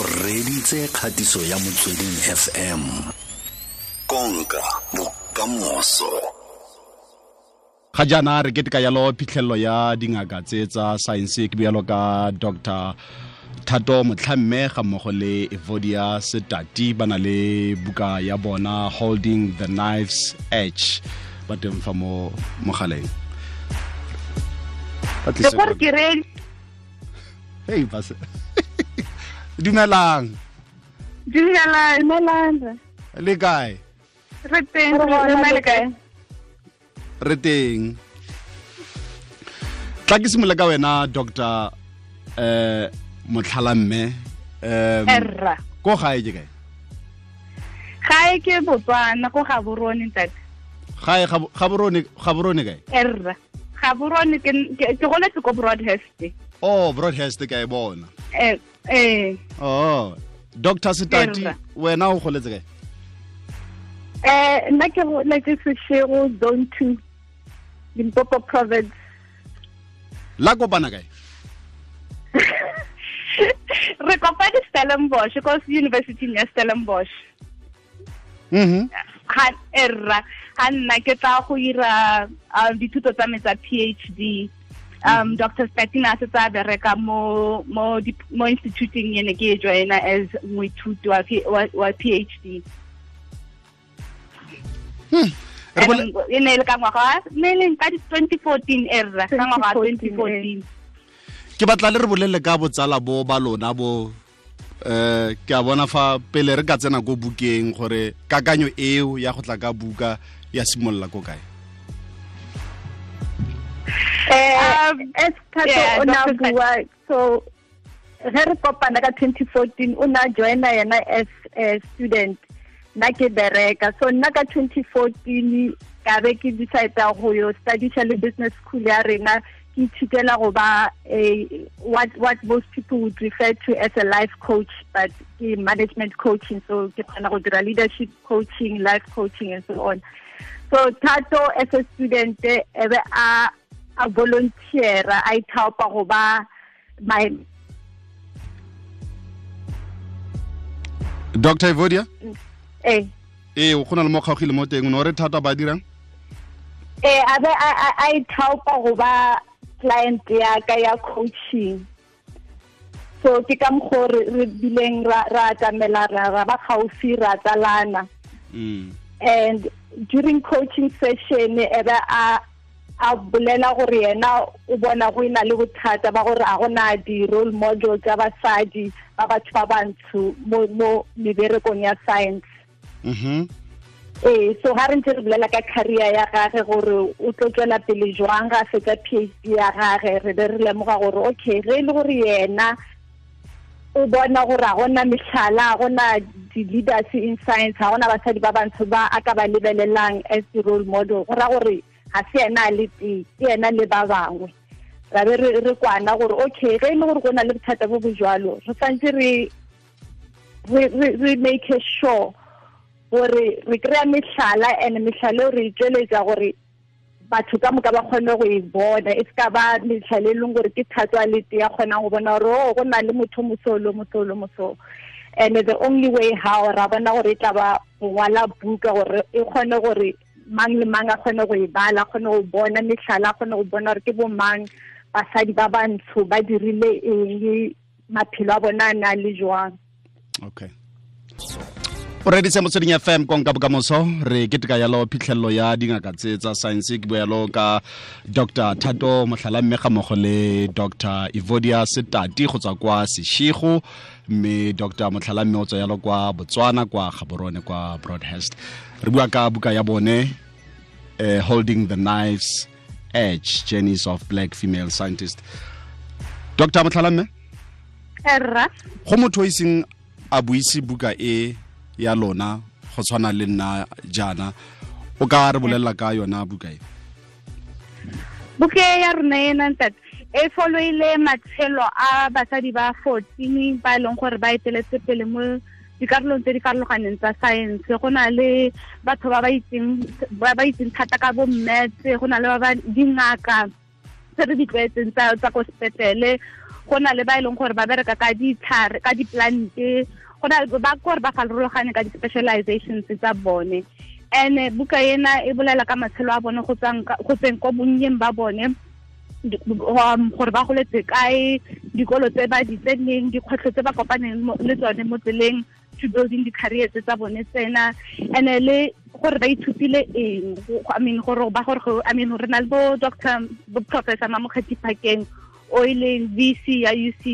o reditse kgatiso ya motsweding fm konka bokamoso ga jaana re keteka yalo phitlhelelo ya dingaka tse tsa science ke bjalo ka dr thato motlhamme ga mmogo le evodia setati ba na le buka ya bona holding the knives edge ba teng fa mo mogaleng hey, dumelang dumelang le kae re teng re teng tla ke simolola ka wena doctor eh motlhala mme um ko gae ke kae gae ke botswana ko ga borone ntate gae ga borone ga borone kae erra ga borone ke ke go le ko broadhurst oh broadhurst ke e bona Eh, eh oh dr setati wena o goletse kae eh nna ke go la ke seshego zone 2 limpopo province la kopana kae re kopane stellenbosch because university ya stellenbosch mhm ha erra ha nna ke tla go ira dithuto tsa me tsa phd um dr fatima se bereka mo mo mo instituting yene ke e joina as moithuti wa wa phd hmm e ne e le ka ngwaga ne e le ka 2014 erra ka ngwaga 2014 ke batla le re bolele ka botsala bo ba lona bo eh ke a bona fa pele re ka tsena go bukeng gore kakanyo eo ya go tla ka buka ya simolla go kae Eh, um esphato o na so ge re kopana ka 2014 o na joina yena as a student nna ke bereka so nna ka 2014 ka be ke decide go yo studisa le business school ya rena ke ithutela go ba eh, what what most people would refer to as a life coach but ke management coaching so ke kgona go dira leadership coaching life coaching and so on so thato as a student e eh, be a a volunteera a ithaopa go ba dr evodia ee ee go na le mo kgaogile mo teng no re thata ba dirang ee a be a ithaopa go ba client ya ka ya coaching so ke ka mokgwa re bileng ra atamela ra ba gaufi ra tsalana mm. and during coaching session ebe be a a bolela gore yena o bona go ena le bothata ba gore a gona di-role model tsa basadi ba batho ba bantsho mo meberekong ya science mm-hmm. ee so ga re ntse re bolela ka career ya gage gore o tlo tswela pele jwang ga fetsa p h phd ya gage re be re lemoga gore okay re e le gore yena o bona gore a gona metlhala a gona di-leaders in science ga gona basadi ba bantsho ba a ka ba lebelelang as role model go raya gore ga se ena a le tee ke ena le ba bangwe ra be re kwana gore okay ge e le gore go na le bothata bo bojalo re santse re make sure gore re kry-a metlhala and metlhale eo re e tsweletsa gore batho ka moka ba kgone go e bona e seka ba metlhale e leng gore ke thatswa lete ya kgonang go bona gore o oh, go na le motho mosolo mosolo mosolo and the only way how ra bona gore e tla ba go ngwala buka gore e kgone gore mang le mang a kgone go e bala kgone go bona metlhala kgone go bona gore ke bo mang basadi ba bantsho ba dirile eng maphelo a bona a na le jwang okay o reditse motsweding fm konka bokamoso re keteka yalo phitlhelelo ya dingaka tse tsa science ke boyalo ka dr thato mohlala mme ga mmogo le dr evodia setati go tswa kwa seshego mme dr motlhala mme o tswa yalo kwa botswana kwa gaborone kwa broadhurst re bua ka buka ya bone uh, holding the knives edge journeys of black female scientist dr motlhala mme go motho o iseng e a buise buka e ya lona go tshwana le nna jaana o ka re bolelela ka yona bukae buke ya rona e nantate e foloile matshelo a basadi ba 14 ba e leng gore ba eteletse pele mo dikarolong tse di farologaneng tsa science go na le batho ba ba itseng thata ka bo mmetse go na le ba dingaka tse re di tlwaetseng tsa ko sepetele go na le ba e leng gore ba bereka ka ditlhare ka diplante gona ba gore ba galologane ka di-specializations tsa bone and eh, buka ena e bolela ka matshelo a bone go tseng ko bonnyeng ba bone um, gore ba goletse kae dikolo tse ba di tseneng dikgwetlho tse ba kopaneng le tsone mo tseleng to building di-career tse tsa bone tsena and eh, le gore ba ithutile eng mean ba gore i mean re na le bo doctor bo professor mamokgati phakeng o e leng vc ya uct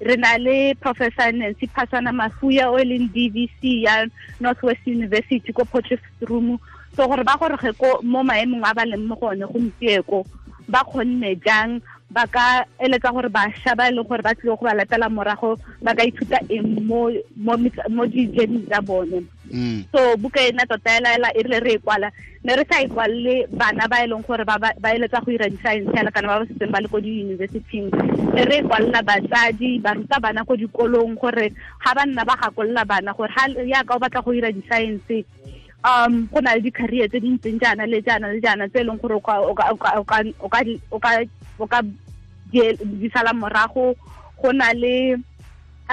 re na le professor nancy phasana mafuya o e leng dvc ya northwest university ko potchefstroom so gore ba gore ge ko mo maemong a ba leng mo gone gompieko ba kgonne jang ba ka eletsa gore bašwa ba e leng gore ba tlile go ba latela morago ba ka ithuta eng mo dijeng tsa bone Mm. so buka tota e nna tota elaela e rile re e kwala ne re sa e kwalele bana ba e leng gore ba eletsa go ira di-science yana kana ba ba setseng ba le ko di-universityng ne re e kwalela batsadi baruta bana ko dikolong gore ga ba nna ba gakolola bana gore yaka o batla go dira di-science um go na le di-career tse dintseng jaana le jaana le jaana tse e leng gore o ka di sala morago go na le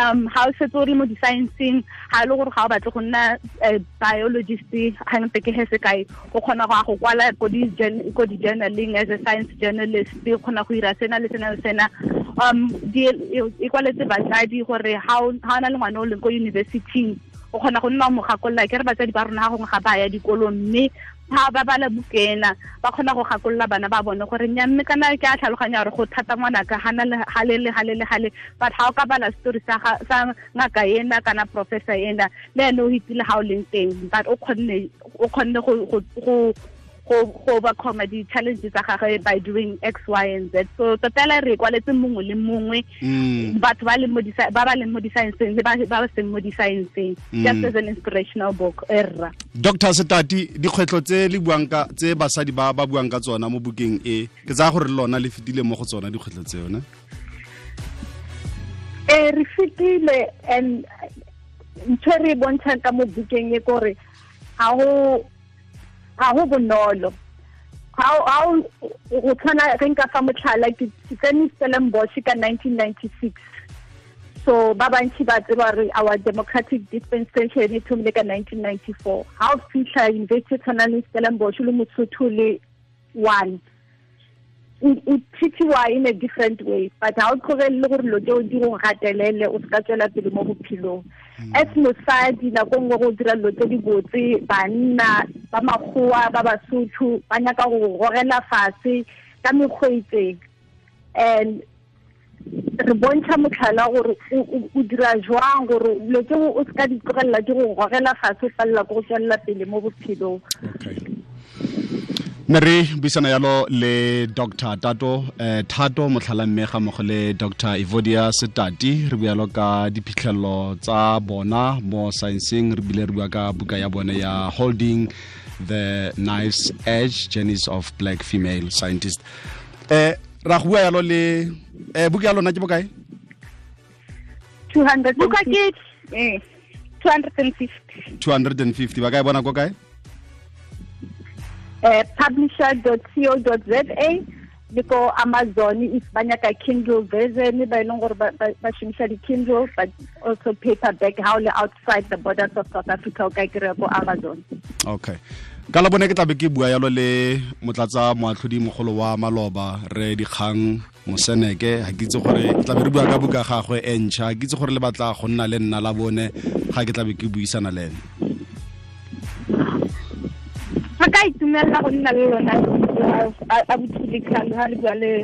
um ha o setse o le mo di-scienceng ga le gore ga o batle go nna eh, biologist ga e ntse ke he sekai o kgona go a go kwala ko di-journaleng as a science journalist o kgona go ira sena le sena le sena um e kwaletse batsadi gore ga o na le ngwana o leng ko universityng o kgona go nna o mo gakolola ke re batsadi ba rona ga gongwe ga ba ya dikolong mme ba ba bala bukena ba kgona go gakolola bana ba bone gore nya mme kana ke a tlhaloganya gore go thata ngwanaka gana gale le gale le gale but ga o ka bala story sa ngaka ena kana professor ena le ene o itile ga o leng teng but o kgonne go go overcome di-challenges tsa gagwe by doing x y and z so totela le re kwaletse mongwe le mongwe mm. batho ba ba leng mo di-scienceng le ba ba seng mo di-scienceng mm. just as an inspirational book erra dr setati dikgwetlho tse le buang ka tse basadi ba ba buang ka tsona mo bukeng e ke tsaya gore lona le fetile mo go tsona dikgwetlho tse yone e re fetile and ntho e re e bontshang ka mo bukeng e kore ga ga go bonolo ha o tshwana re nka fa motlhala ke tsene stellenbosch ka 1996 so ba bantši ba tseba re our democratic dispensation e thomile ka 1994 ha o fitlha university tshwana le stellenbosch le mosotho le one o treatiwa in a different way but ga o tlhogelele gore lo teo di go gatelele o se tswela pele mo bophelong hmm. as mosadi nako nngwe go dira dilo tse di botse banna ba makgowa ba basotho ba nyaka go gorela fatshe ka mekgweetseng and re bontsha motlhala gore o dira jwang gore dilo tseo o se di tlogelela ke go gorela fatshe o palela ko go tswelela pele mo bophelong ne re buisana yalo le dr tato eh, thato motlhalamme ga mmogo le dr evodia setati re bualo ka diphitlhelelo tsa bona mo scienceng re bile re bua ka buka ya bone ya holding the knives edge journeys of black female scientist eh, ra go bua yalo le eh, buka ya lona ke bokae 200 buka ke eh, 250 250 ba ka bona go kae eh, publisher.co.za le ko amazon if ba nyaka kindle version ba e leng gore ba šomiša di-kindle but also paperback ha le outside the borders of south africa ka kire ko amazon okay ka labone ke tlabe ke bua yalo le motlatsa moatlhodi mogolo wa maloba re dikgang moseneke ga ke itse gore ke tlabe re bua ka buka gagwe e ntšha ga ke itse gore le batla go nna le nna la bone ga ke tlabe ke buisana le ene nka itumelela go nna le lona a bothile ga le bua le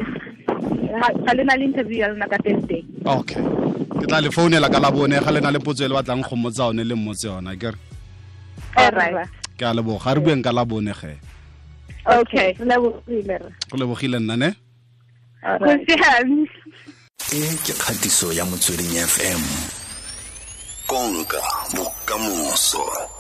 ga le na le interview ya lona ka thursday okay ke tla le founela ka la bone ga le na le potso e le batlang go mmotsa one le mmotse yona ke re ke a leboga ga re bueng ka la bone ge go lebogile nna ne e ke kgatiso ya motsweding fm konka bokamoso